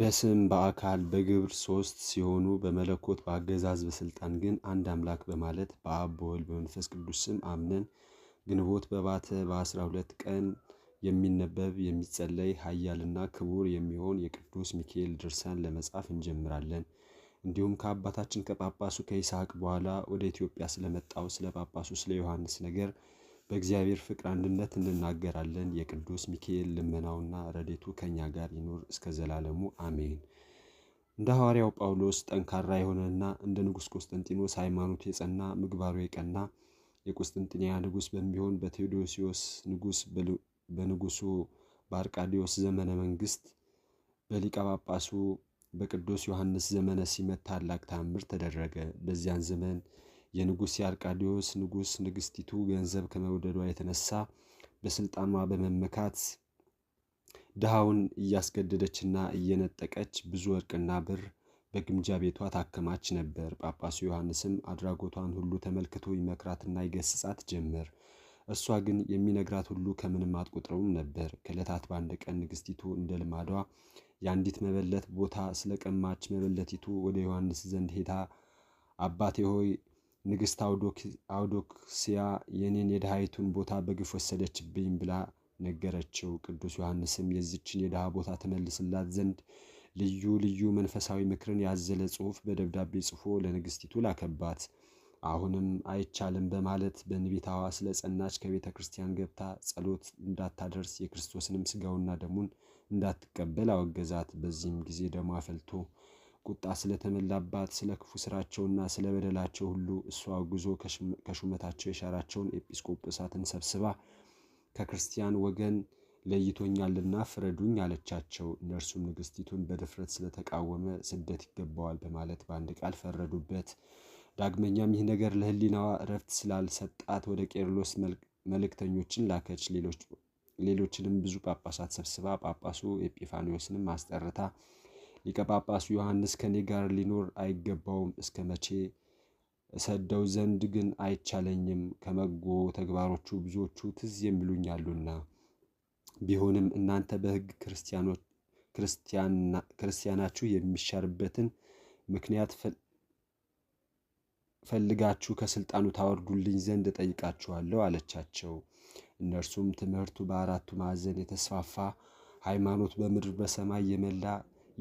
በስም በአካል በግብር ሶስት ሲሆኑ በመለኮት በአገዛዝ በስልጣን ግን አንድ አምላክ በማለት በአብ በወልድ በመንፈስ ቅዱስ ስም አምነን ግንቦት በባተ በአስራ ሁለት ቀን የሚነበብ የሚጸለይ ኃያልና ክቡር የሚሆን የቅዱስ ሚካኤል ድርሳን ለመጻፍ እንጀምራለን። እንዲሁም ከአባታችን ከጳጳሱ ከይስሐቅ በኋላ ወደ ኢትዮጵያ ስለመጣው ስለ ጳጳሱ ስለ ዮሐንስ ነገር በእግዚአብሔር ፍቅር አንድነት እንናገራለን። የቅዱስ ሚካኤል ልመናውና ረዴቱ ከእኛ ጋር ይኑር እስከ ዘላለሙ አሜን። እንደ ሐዋርያው ጳውሎስ ጠንካራ የሆነና እንደ ንጉሥ ቆስጠንጢኖስ ሃይማኖቱ የጸና ምግባሩ የቀና የቁስጥንጥንያ ንጉሥ በሚሆን በቴዎዶሲዎስ ንጉሥ በንጉሱ በአርቃዲዎስ ዘመነ መንግሥት በሊቀ ጳጳሱ በቅዱስ ዮሐንስ ዘመነ ሲመት ታላቅ ታምር ተደረገ። በዚያን ዘመን የንጉሥ የአርቃዲዎስ ንጉሥ ንግሥቲቱ ገንዘብ ከመውደዷ የተነሳ በስልጣኗ በመመካት ድሃውን እያስገደደችና እየነጠቀች ብዙ ወርቅና ብር በግምጃ ቤቷ ታከማች ነበር። ጳጳሱ ዮሐንስም አድራጎቷን ሁሉ ተመልክቶ ይመክራትና ይገስጻት ጀመር። እሷ ግን የሚነግራት ሁሉ ከምንም አትቆጥረውም ነበር። ከዕለታት በአንድ ቀን ንግሥቲቱ እንደ ልማዷ የአንዲት መበለት ቦታ ስለቀማች መበለቲቱ ወደ ዮሐንስ ዘንድ ሄታ አባቴ ሆይ ንግሥት አውዶክስያ የኔን የድሃይቱን ቦታ በግፍ ወሰደችብኝ ብላ ነገረችው። ቅዱስ ዮሐንስም የዚችን የድሃ ቦታ ትመልስላት ዘንድ ልዩ ልዩ መንፈሳዊ ምክርን ያዘለ ጽሑፍ በደብዳቤ ጽፎ ለንግሥቲቱ ላከባት። አሁንም አይቻልም በማለት በንቢታዋ ስለ ጸናች ከቤተ ክርስቲያን ገብታ ጸሎት እንዳታደርስ የክርስቶስንም ስጋውና ደሙን እንዳትቀበል አወገዛት። በዚህም ጊዜ ደሞ አፈልቶ ቁጣ ስለተመላባት ስለ ክፉ ስራቸውና ስለ በደላቸው ሁሉ እሷ ጉዞ ከሹመታቸው የሻራቸውን ኤጲስቆጶሳትን ሰብስባ ከክርስቲያን ወገን ለይቶኛልና ፍረዱኝ አለቻቸው። እነርሱም ንግሥቲቱን በድፍረት ስለተቃወመ ስደት ይገባዋል በማለት በአንድ ቃል ፈረዱበት። ዳግመኛም ይህ ነገር ለሕሊናዋ እረፍት ስላልሰጣት ወደ ቄርሎስ መልእክተኞችን ላከች። ሌሎችንም ብዙ ጳጳሳት ሰብስባ ጳጳሱ ኤጲፋኒዎስንም አስጠርታ ሊቀ ጳጳሱ ዮሐንስ ከኔ ጋር ሊኖር አይገባውም። እስከ መቼ እሰደው ዘንድ ግን አይቻለኝም። ከመጎ ተግባሮቹ ብዙዎቹ ትዝ የሚሉኛሉና ቢሆንም እናንተ በሕግ ክርስቲያናችሁ የሚሻርበትን ምክንያት ፈልጋችሁ ከስልጣኑ ታወርዱልኝ ዘንድ እጠይቃችኋለሁ አለቻቸው። እነርሱም ትምህርቱ በአራቱ ማዕዘን የተስፋፋ ሃይማኖት በምድር በሰማይ የመላ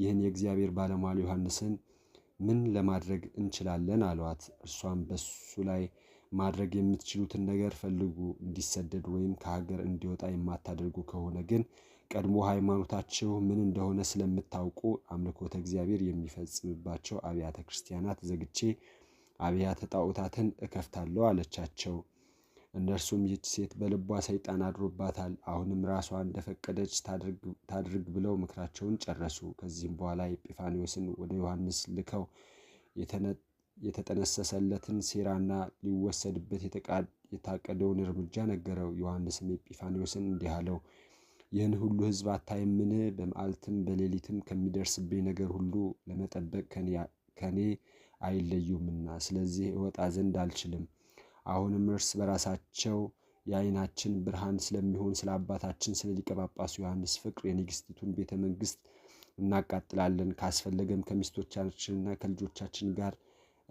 ይህን የእግዚአብሔር ባለሟል ዮሐንስን ምን ለማድረግ እንችላለን አሏት። እርሷም በሱ ላይ ማድረግ የምትችሉትን ነገር ፈልጉ። እንዲሰደድ ወይም ከሀገር እንዲወጣ የማታደርጉ ከሆነ ግን ቀድሞ ሃይማኖታቸው ምን እንደሆነ ስለምታውቁ አምልኮተ እግዚአብሔር የሚፈጽምባቸው አብያተ ክርስቲያናት ዘግቼ አብያተ ጣዖታትን እከፍታለሁ አለቻቸው። እነርሱም ይህች ሴት በልቧ ሰይጣን አድሮባታል፣ አሁንም ራሷ እንደፈቀደች ታድርግ ብለው ምክራቸውን ጨረሱ። ከዚህም በኋላ ኤጲፋኒዎስን ወደ ዮሐንስ ልከው የተጠነሰሰለትን ሴራና ሊወሰድበት የታቀደውን እርምጃ ነገረው። ዮሐንስም ኤጲፋኒዎስን እንዲህ አለው፣ ይህን ሁሉ ሕዝብ አታይምን? በመዓልትም በሌሊትም ከሚደርስብኝ ነገር ሁሉ ለመጠበቅ ከኔ አይለዩምና፣ ስለዚህ እወጣ ዘንድ አልችልም። አሁንም እርስ በራሳቸው የዓይናችን ብርሃን ስለሚሆን ስለ አባታችን ስለ ሊቀ ጳጳሱ ዮሐንስ ፍቅር የንግስቲቱን ቤተ መንግስት እናቃጥላለን፣ ካስፈለገም ከሚስቶቻችንና ከልጆቻችን ጋር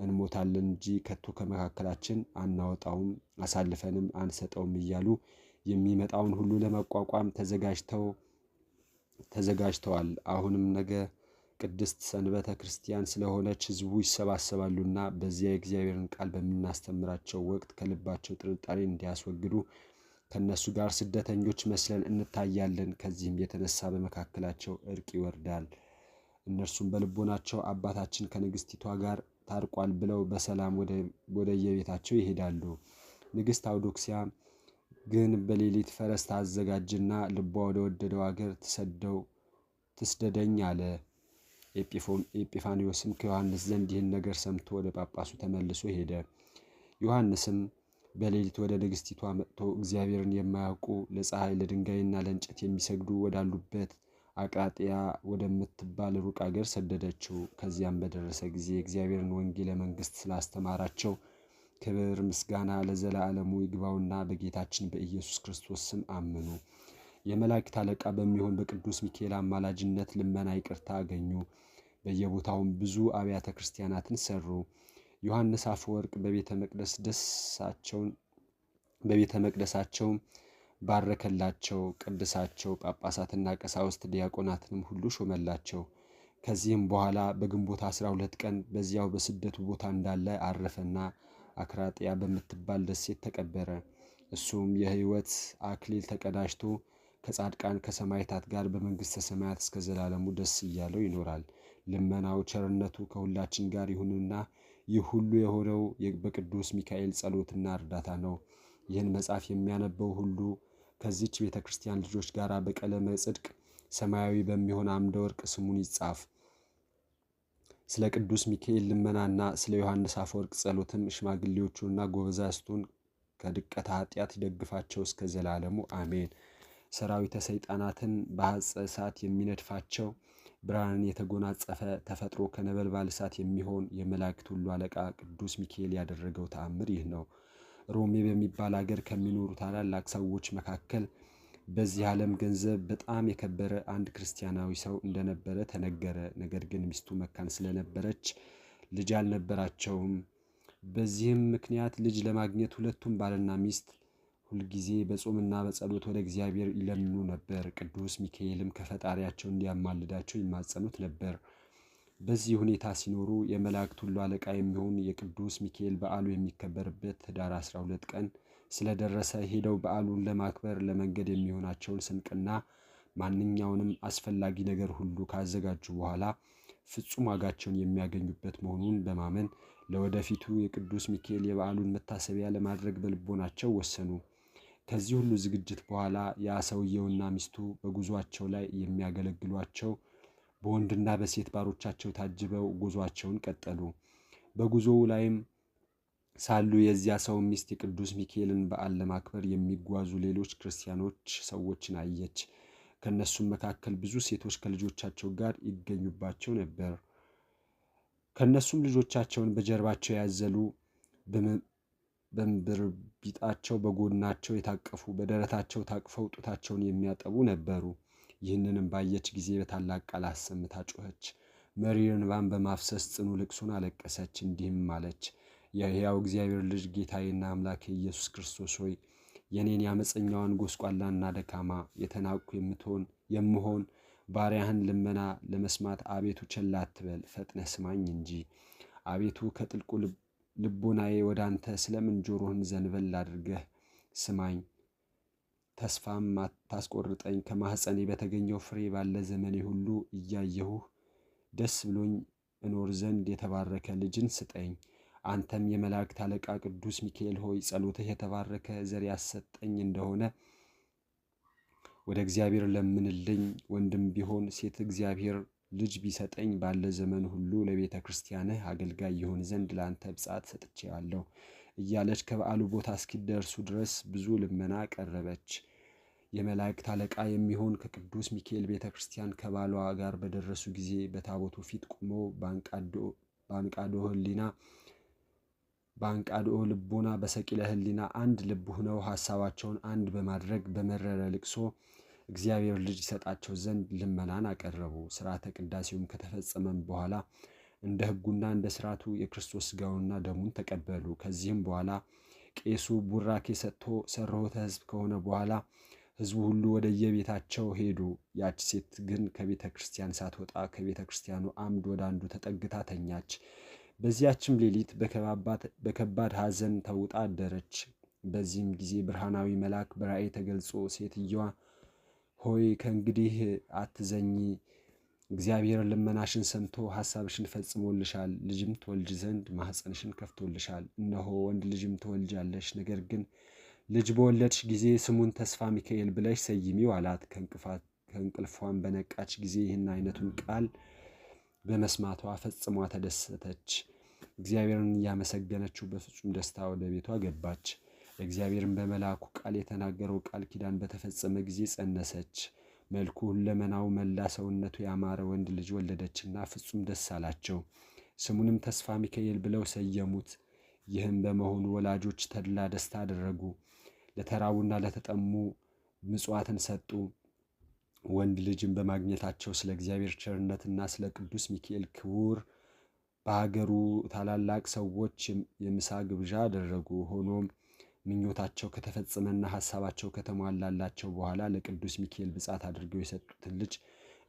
እንሞታለን እንጂ ከቶ ከመካከላችን አናወጣውም፣ አሳልፈንም አንሰጠውም እያሉ የሚመጣውን ሁሉ ለመቋቋም ተዘጋጅተው ተዘጋጅተዋል። አሁንም ነገ ቅድስት ሰንበተ ክርስቲያን ስለሆነች ህዝቡ ይሰባሰባሉና በዚያ የእግዚአብሔርን ቃል በምናስተምራቸው ወቅት ከልባቸው ጥርጣሬ እንዲያስወግዱ ከእነሱ ጋር ስደተኞች መስለን እንታያለን። ከዚህም የተነሳ በመካከላቸው እርቅ ይወርዳል። እነርሱም በልቦናቸው አባታችን ከንግስቲቷ ጋር ታርቋል ብለው በሰላም ወደየቤታቸው ይሄዳሉ። ንግሥት አውዶክሲያ ግን በሌሊት ፈረስ ታዘጋጅና ልቧ ወደ ወደደው አገር ትሰደው ትስደደኝ አለ። ኤጲፋኒዎስም ከዮሐንስ ዘንድ ይህን ነገር ሰምቶ ወደ ጳጳሱ ተመልሶ ሄደ። ዮሐንስም በሌሊት ወደ ንግሥቲቷ መጥቶ እግዚአብሔርን የማያውቁ ለፀሐይ ለድንጋይና ለእንጨት የሚሰግዱ ወዳሉበት አቅራጥያ ወደምትባል ሩቅ አገር ሰደደችው። ከዚያም በደረሰ ጊዜ እግዚአብሔርን ወንጌለ መንግሥት ስላስተማራቸው ክብር ምስጋና ለዘላለሙ ይግባውና በጌታችን በኢየሱስ ክርስቶስ ስም አምኑ የመላእክት አለቃ በሚሆን በቅዱስ ሚካኤል አማላጅነት ልመና ይቅርታ አገኙ። በየቦታውም ብዙ አብያተ ክርስቲያናትን ሰሩ። ዮሐንስ አፈወርቅ በቤተ መቅደስ ደሳቸውን በቤተ መቅደሳቸው ባረከላቸው፣ ቅድሳቸው፣ ጳጳሳትና ቀሳውስት ዲያቆናትንም ሁሉ ሾመላቸው። ከዚህም በኋላ በግንቦት 12 ቀን በዚያው በስደቱ ቦታ እንዳለ አረፈና አክራጥያ በምትባል ደሴት ተቀበረ። እሱም የሕይወት አክሊል ተቀዳጅቶ ከጻድቃን ከሰማይታት ጋር በመንግሥተ ሰማያት እስከ ዘላለሙ ደስ እያለው ይኖራል። ልመናው ቸርነቱ ከሁላችን ጋር ይሁንና ይህ ሁሉ የሆነው በቅዱስ ሚካኤል ጸሎትና እርዳታ ነው። ይህን መጽሐፍ የሚያነበው ሁሉ ከዚች ቤተ ክርስቲያን ልጆች ጋር በቀለመ ጽድቅ ሰማያዊ በሚሆን አምደ ወርቅ ስሙን ይጻፍ። ስለ ቅዱስ ሚካኤል ልመናና ስለ ዮሐንስ አፈወርቅ ጸሎትም ሽማግሌዎቹንና ጎበዛስቱን ከድቀት ኃጢአት ይደግፋቸው እስከ ዘላለሙ አሜን። ሰራዊተ ሰይጣናትን በአጸ እሳት የሚነድፋቸው ብርሃንን የተጎናጸፈ ተፈጥሮ ከነበልባል እሳት የሚሆን የመላእክት ሁሉ አለቃ ቅዱስ ሚካኤል ያደረገው ተአምር ይህ ነው። ሮሜ በሚባል አገር ከሚኖሩ ታላላቅ ሰዎች መካከል በዚህ ዓለም ገንዘብ በጣም የከበረ አንድ ክርስቲያናዊ ሰው እንደነበረ ተነገረ። ነገር ግን ሚስቱ መካን ስለነበረች ልጅ አልነበራቸውም። በዚህም ምክንያት ልጅ ለማግኘት ሁለቱም ባልና ሚስት ሁልጊዜ በጾምና በጸሎት ወደ እግዚአብሔር ይለምኑ ነበር። ቅዱስ ሚካኤልም ከፈጣሪያቸው እንዲያማልዳቸው ይማጸኑት ነበር። በዚህ ሁኔታ ሲኖሩ የመላእክት ሁሉ አለቃ የሚሆን የቅዱስ ሚካኤል በዓሉ የሚከበርበት ህዳር 12 ቀን ስለደረሰ ሄደው በዓሉን ለማክበር ለመንገድ የሚሆናቸውን ስንቅና ማንኛውንም አስፈላጊ ነገር ሁሉ ካዘጋጁ በኋላ ፍጹም ዋጋቸውን የሚያገኙበት መሆኑን በማመን ለወደፊቱ የቅዱስ ሚካኤል የበዓሉን መታሰቢያ ለማድረግ በልቦናቸው ወሰኑ። ከዚህ ሁሉ ዝግጅት በኋላ ያ ሰውየውና ሚስቱ በጉዟቸው ላይ የሚያገለግሏቸው በወንድና በሴት ባሮቻቸው ታጅበው ጉዟቸውን ቀጠሉ። በጉዞው ላይም ሳሉ የዚያ ሰው ሚስት የቅዱስ ሚካኤልን በዓል ለማክበር የሚጓዙ ሌሎች ክርስቲያኖች ሰዎችን አየች። ከእነሱም መካከል ብዙ ሴቶች ከልጆቻቸው ጋር ይገኙባቸው ነበር። ከእነሱም ልጆቻቸውን በጀርባቸው ያዘሉ በእምብርቢጣቸው በጎናቸው የታቀፉ በደረታቸው ታቅፈው ጡታቸውን የሚያጠቡ ነበሩ። ይህንንም ባየች ጊዜ በታላቅ ቃል አሰምታ ጮኸች። መሪር እንባን በማፍሰስ ጽኑ ልቅሶን አለቀሰች። እንዲህም አለች፣ የሕያው እግዚአብሔር ልጅ ጌታዬና አምላኬ ኢየሱስ ክርስቶስ ሆይ የኔን የአመፀኛዋን ጎስቋላና ደካማ የተናቅኩ የምትሆን የምሆን ባሪያህን ልመና ለመስማት አቤቱ ቸል አትበል፣ ፈጥነህ ስማኝ እንጂ አቤቱ ከጥልቁ ልብ ልቡናዬ ወደ አንተ ስለምን ጆሮህን ዘንበል አድርገህ ስማኝ፣ ተስፋም አታስቆርጠኝ። ከማኅፀኔ በተገኘው ፍሬ ባለ ዘመኔ ሁሉ እያየሁህ ደስ ብሎኝ እኖር ዘንድ የተባረከ ልጅን ስጠኝ። አንተም የመላእክት አለቃ ቅዱስ ሚካኤል ሆይ ጸሎትህ የተባረከ ዘር ያሰጠኝ እንደሆነ ወደ እግዚአብሔር ለምንልኝ። ወንድም ቢሆን ሴት እግዚአብሔር ልጅ ቢሰጠኝ ባለ ዘመን ሁሉ ለቤተ ክርስቲያንህ አገልጋይ ይሆን ዘንድ ለአንተ ብጻት ሰጥቼዋለሁ እያለች ከበዓሉ ቦታ እስኪደርሱ ድረስ ብዙ ልመና ቀረበች። የመላእክት አለቃ የሚሆን ከቅዱስ ሚካኤል ቤተ ክርስቲያን ከባሏ ጋር በደረሱ ጊዜ በታቦቱ ፊት ቆመው በአንቃዶ ህሊና በአንቃዶ ልቦና በሰቂለ ህሊና አንድ ልብ ሆነው ሀሳባቸውን አንድ በማድረግ በመረረ ልቅሶ እግዚአብሔር ልጅ ይሰጣቸው ዘንድ ልመናን አቀረቡ። ስርዓተ ቅዳሴውም ከተፈጸመም በኋላ እንደ ሕጉና እንደ ስርዓቱ የክርስቶስ ስጋውንና ደሙን ተቀበሉ። ከዚህም በኋላ ቄሱ ቡራኬ ሰጥቶ ሰርሖተ ሕዝብ ከሆነ በኋላ ሕዝቡ ሁሉ ወደ የቤታቸው ሄዱ። ያች ሴት ግን ከቤተ ክርስቲያን ሳትወጣ ከቤተ ክርስቲያኑ አምድ ወደ አንዱ ተጠግታ ተኛች። በዚያችም ሌሊት በከባድ ሐዘን ተውጣ አደረች። በዚህም ጊዜ ብርሃናዊ መልአክ በራእይ ተገልጾ ሴትየዋ ሆይ ከእንግዲህ አትዘኚ፣ እግዚአብሔር ልመናሽን ሰምቶ ሐሳብሽን ፈጽሞልሻል። ልጅም ትወልጅ ዘንድ ማኅፀንሽን ከፍቶልሻል። እነሆ ወንድ ልጅም ትወልጃለሽ። ነገር ግን ልጅ በወለድሽ ጊዜ ስሙን ተስፋ ሚካኤል ብለሽ ሰይሚው አላት። ከእንቅልፏን በነቃች ጊዜ ይህን አይነቱን ቃል በመስማቷ ፈጽሟ ተደሰተች። እግዚአብሔርን እያመሰገነችው በፍጹም ደስታ ወደ ቤቷ ገባች። እግዚአብሔርን በመልአኩ ቃል የተናገረው ቃል ኪዳን በተፈጸመ ጊዜ ጸነሰች። መልኩ ሁለመናው መላ ሰውነቱ ያማረ ወንድ ልጅ ወለደችና ፍጹም ደስ አላቸው። ስሙንም ተስፋ ሚካኤል ብለው ሰየሙት። ይህም በመሆኑ ወላጆች ተድላ ደስታ አደረጉ። ለተራቡና ለተጠሙ ምጽዋትን ሰጡ። ወንድ ልጅን በማግኘታቸው ስለ እግዚአብሔር ቸርነትና ስለ ቅዱስ ሚካኤል ክቡር በሀገሩ ታላላቅ ሰዎች የምሳ ግብዣ አደረጉ። ሆኖም ምኞታቸው ከተፈጸመና ሐሳባቸው ከተሟላላቸው በኋላ ለቅዱስ ሚካኤል ብጻት አድርገው የሰጡትን ልጅ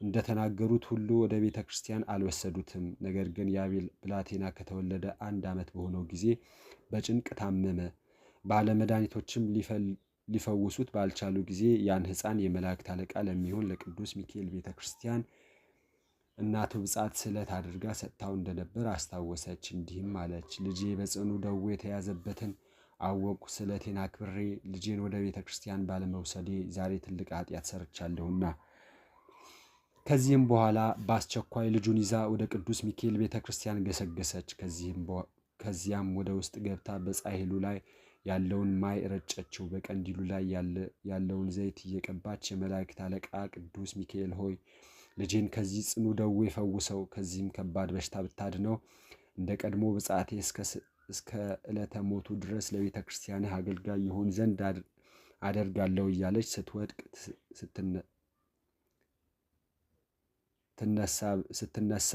እንደተናገሩት ሁሉ ወደ ቤተ ክርስቲያን አልወሰዱትም። ነገር ግን የአቤል ብላቴና ከተወለደ አንድ ዓመት በሆነው ጊዜ በጭንቅ ታመመ። ባለመድኃኒቶችም ሊፈውሱት ባልቻሉ ጊዜ ያን ሕፃን የመላእክት አለቃ ለሚሆን ለቅዱስ ሚካኤል ቤተ ክርስቲያን እናቱ ብጻት ስዕለት አድርጋ ሰጥታው እንደነበር አስታወሰች። እንዲህም አለች፣ ልጄ በጽኑ ደዌ የተያዘበትን አወቁ ስለቴን አክብሬ ልጄን ወደ ቤተ ክርስቲያን ባለመውሰዴ ዛሬ ትልቅ ኃጢአት ሰርቻለሁና። ከዚህም በኋላ በአስቸኳይ ልጁን ይዛ ወደ ቅዱስ ሚካኤል ቤተ ክርስቲያን ገሰገሰች። ከዚያም ወደ ውስጥ ገብታ በጻሕሉ ላይ ያለውን ማይ ረጨችው። በቀንዲሉ ላይ ያለውን ዘይት እየቀባች የመላእክት አለቃ ቅዱስ ሚካኤል ሆይ ልጄን ከዚህ ጽኑ ደዌ ፈውሰው፣ ከዚህም ከባድ በሽታ ብታድነው እንደ ቀድሞ ብጻቴ እስከ ዕለተ ሞቱ ድረስ ለቤተ ክርስቲያንህ አገልጋይ ይሆን ዘንድ አደርጋለሁ እያለች ስትወድቅ ስትነሳ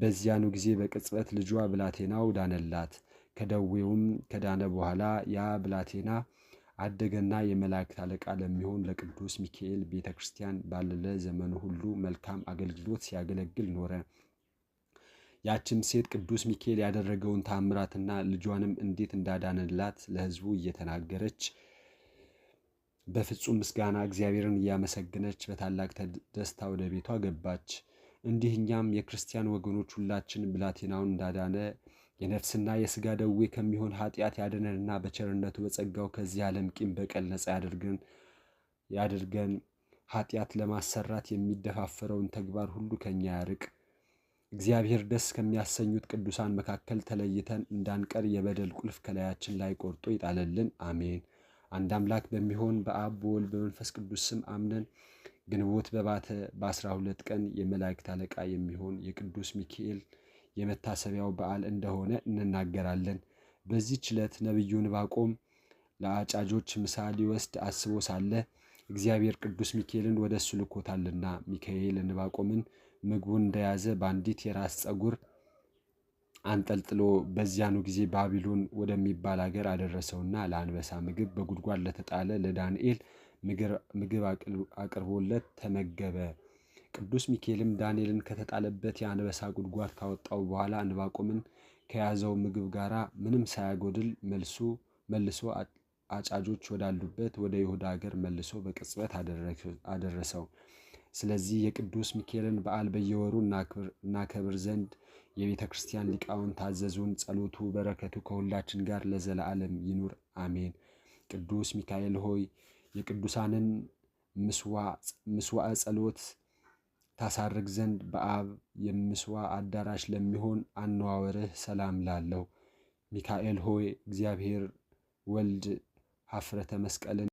በዚያኑ ጊዜ በቅጽበት ልጇ ብላቴናው ዳነላት። ከደዌውም ከዳነ በኋላ ያ ብላቴና አደገና የመላእክት አለቃ ለሚሆን ለቅዱስ ሚካኤል ቤተ ክርስቲያን ባለለ ዘመኑ ሁሉ መልካም አገልግሎት ሲያገለግል ኖረ። ያችም ሴት ቅዱስ ሚካኤል ያደረገውን ታምራትና ልጇንም እንዴት እንዳዳነላት ለሕዝቡ እየተናገረች በፍጹም ምስጋና እግዚአብሔርን እያመሰገነች በታላቅ ደስታ ወደ ቤቷ ገባች። እንዲህ እኛም የክርስቲያን ወገኖች ሁላችን ብላቴናውን እንዳዳነ የነፍስና የስጋ ደዌ ከሚሆን ኃጢአት ያደነንና በቸርነቱ በጸጋው ከዚህ ዓለም ቂም በቀል ነጻ ያደርገን ያድርገን ኃጢአት ለማሰራት የሚደፋፈረውን ተግባር ሁሉ ከኛ ያርቅ እግዚአብሔር ደስ ከሚያሰኙት ቅዱሳን መካከል ተለይተን እንዳንቀር የበደል ቁልፍ ከላያችን ላይ ቆርጦ ይጣለልን። አሜን። አንድ አምላክ በሚሆን በአብ በወልድ በመንፈስ ቅዱስ ስም አምነን ግንቦት በባተ በአስራ ሁለት ቀን የመላእክት አለቃ የሚሆን የቅዱስ ሚካኤል የመታሰቢያው በዓል እንደሆነ እንናገራለን። በዚህ ችለት ነቢዩ ንባቆም ለአጫጆች ምሳ ሊወስድ አስቦ ሳለ እግዚአብሔር ቅዱስ ሚካኤልን ወደ እሱ ልኮታልና ሚካኤል ንባቆምን ምግቡን እንደያዘ በአንዲት የራስ ፀጉር አንጠልጥሎ በዚያኑ ጊዜ ባቢሎን ወደሚባል ሀገር አደረሰውና ለአንበሳ ምግብ በጉድጓድ ለተጣለ ለዳንኤል ምግብ አቅርቦለት ተመገበ። ቅዱስ ሚካኤልም ዳንኤልን ከተጣለበት የአንበሳ ጉድጓድ ካወጣው በኋላ እንባቆምን ከያዘው ምግብ ጋር ምንም ሳያጎድል መልሱ መልሶ አጫጆች ወዳሉበት ወደ ይሁዳ ሀገር መልሶ በቅጽበት አደረሰው። ስለዚህ የቅዱስ ሚካኤልን በዓል በየወሩ እናከብር ዘንድ የቤተ ክርስቲያን ሊቃውን ታዘዙን። ጸሎቱ በረከቱ ከሁላችን ጋር ለዘላለም ይኑር አሜን። ቅዱስ ሚካኤል ሆይ የቅዱሳንን ምስዋዕ ጸሎት ታሳርግ ዘንድ በአብ የምስዋ አዳራሽ ለሚሆን አነዋወርህ ሰላም ላለው ሚካኤል ሆይ እግዚአብሔር ወልድ ሀፍረተ መስቀልን